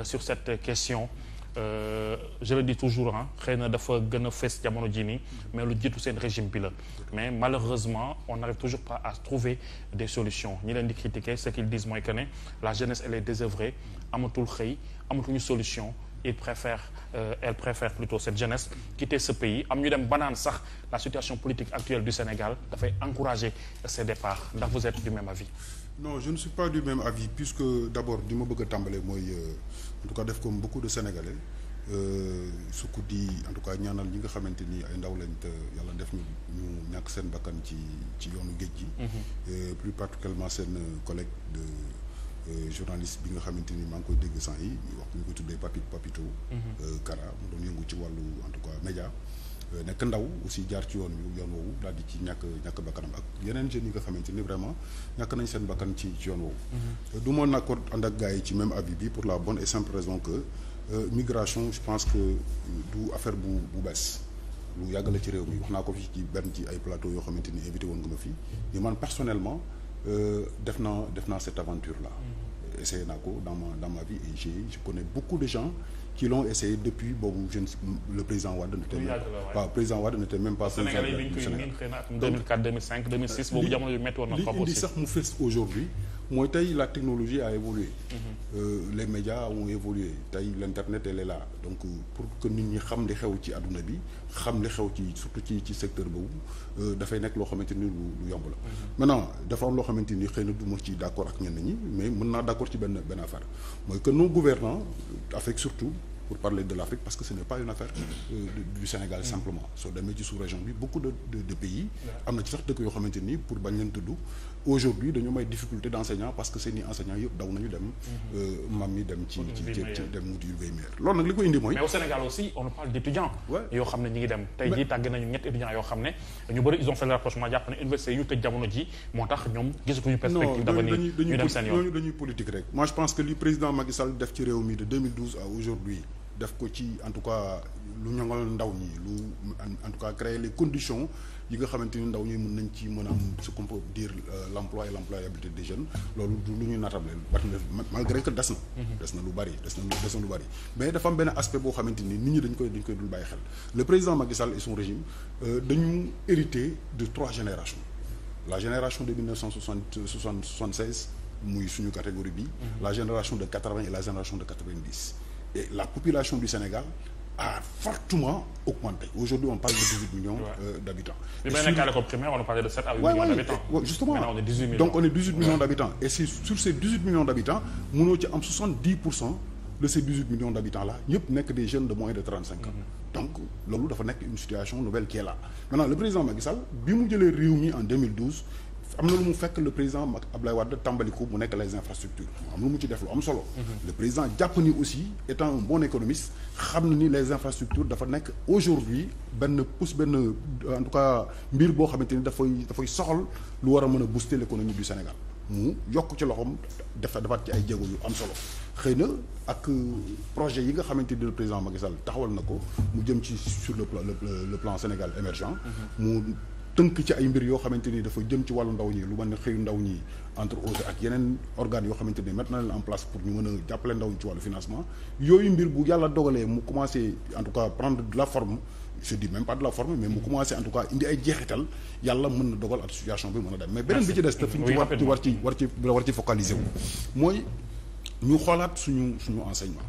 Euh, sur cette question Euh, je le dis toujours ah xëy na dafa gën a fees jamono jii nii mais lu jitu seen régime bi la mais malheureusement on n'arrive toujours pas à trouver des solutions ñi leen di critiquer ce qu'ils disent mooy que ne la jeunesse elle est désœuvrée amatul xëy amatuñu solution il préfère euh, elle préfère plutôt cette jeunesse quitter ce pays am ñu dem banaan sax la situation politique actuelle du Sénégal dafay encourager ces départs ndax vous êtes du même avis non je ne suis pas du même avis puisque d'abord li ma bëgg a mooy euh, en tout cas def comme beaucoup de Sénégalais euh, su di en tout cas ñaanal ñi nga xamante ni ay ndaw lañ te yàlla def ñu ñu ñàkk seen bakkan ci ci yoonu géej gi mm-hmm. euh, plus particulièrement seen collègue de Euh, journaliste bi nga xamante ni maa ngi koy dégg sant yi ñu wax ñu ko tuddee Papi Papito mhm. euh, Kara mu doon yëngu ci wàllu en tout cas média euh, nekk ndaw aussi jaar ci yoon wi yoon woowu daal di ci ñàkk ñàkk bakkanam ak yeneen jeunes yi nga xamante ni vraiment ñàkk nañ seen bakkan ci ci yoon woowu mhm. du ma d'accord ak gars yi ci même avis bi pour la bonne et simple raison que migration je pense que du affaire bu bu bees lu yàgg la ci réew mi wax naa ko fi ci benn ci ay plateau yoo xamante ni invité woon nga ma fii ni man personnellement def naa naa cette aventure là mhm. essayé naa ko dans ma dans ma vie et j'ai je connais beaucoup de gens qui l'ont essayé depuis boobu je ne le président Wade n'était même pas président Wade n'était même pas Sénégalais yi bi ñu koy miin xëy na 2004 2005 2006 boobu jamono yu métti woon na li indi sax mu fës aujourd'hui mooy tey la technologie a évolué. Mhm. Euh, les médias ont évolué tey l'internet elle est là donc euh, pour que nit ñi xam li xew ci àdduna bi xam li xew ci surtout ci ci secteur boobu euh, dafay nekk loo xamante ni lu lu yomb la. Mhm. maintenant dafa am loo xamante ni xëy na du ma ci d'accord ak ñenn ñi mais mën naa d'accord ci benn benn affaire mooy que nos gouvernants avec surtout. pour parler de l'Afrique parce que ce n'est pas une affaire euh, du Sénégal simplement soo demee ci sous bi beaucoup de de pays am na ci sax dëkk yoo xamante nii pour bañ leen tudd aujourd'hui dañu may difficulté d'enseignants parce que seeni enseignants yëpp daw nañu dem mhm. euh, mam yi dem ci ci dem wuti une veille meilleure loolu nag li ko indi mooy mais au Sénégal aussi on parle d'étudiants yoo yoo xam ne ñu bëri ils ont fait le jàpp ne université def ko ci en tout cas lu ñoŋal ndaw ñi lu en tout cas créer les conditions yi nga xamante ni ndaw ñi mën nañ ci mën a am ce qu'on peut dire euh, l' emploi et l' employabilité des jeunes loolu lu ñu natable bat malgré que des na mhm. des na lu bari mais dafa am benn aspect boo xamante ni nit ñi dañ koy dañ koy dul bàyyi xel le président Macky Sall et son régime euh, dañu hérité de trois générations la génération de 1976 muy suñu catégorie bi mhm. la génération de et la génération de et la population du Sénégal a fortement augmenté aujourd'hui on parle de 18 millions euh, d'habitants mais sur... millions d'habitants justement on est donc on est 18 millions d'habitants et c'est sur ces 18 millions d'habitants mënoo ci am de ces 18 millions d'habitants là ñëpp nekk des jeunes de moins de 35 ans mm-hmm. donc loolu dafa nekk une situation nouvelle qui est là maintenant le président Macky Sall bi mu mi en am na lu mu fekk le président mag Ablaye Wade tàmbali ko mu nekk les infrastructures am lu mu ci def lu am solo. Mhm. le président jàpp ni aussi étant un bon économiste xam na ni les infrastructures dafa nekk aujourd'hui benn pousse benn en tout cas mbir boo xamante ni dafay dafay soxal lu war a mën a booster l'économie du Sénégal mu yokk ci loxoom dafa defaat ci ay jéego yu am solo xëy na ak euh, projet yi nga xamante ni le président Macky Sall taxawal na ko mu jëm ci sur le plan le plan Sénégal émergent mhm. tënk ci ay mbir yoo xamante ni dafa jëm ci wàllu ndaw ñi lu mel ne xëyu ndaw ñi entre autres ak yeneen organes yoo xamante ni mettre na leen en place pour ñu mën a jàppale ndaw ñi ci wàllu financement yooyu mbir bu yàlla dogalee mu commencé en tout cas prendre de la forme je mais mu mm-hmm. commencé en tout cas indi ay jeexital yàlla mën na dogal ak situation bi mën a dem mais beneen bi ci des te fi ñu ci war ci war ci focaliser wu mooy ñu xoolaat suñu suñu enseignement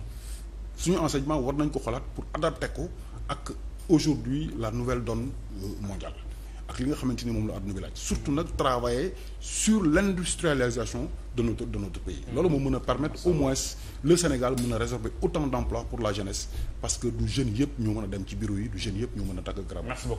suñu enseignement war nañ ko xoolaat pour adapter ko ak aujourd'hui la nouvelle donne mondiale ak li nga xamante ni moom la àdduna bi laaj surtout nag travailler sur l'industrialisation de notre de notre pays loolu moo mën a permettre au moins le Sénégal mën a réserver autant d'emplois pour la jeunesse parce que du jeune yëpp ñoo mën a dem ci bureau yi du jeune yëpp ñoo mën a dagg garab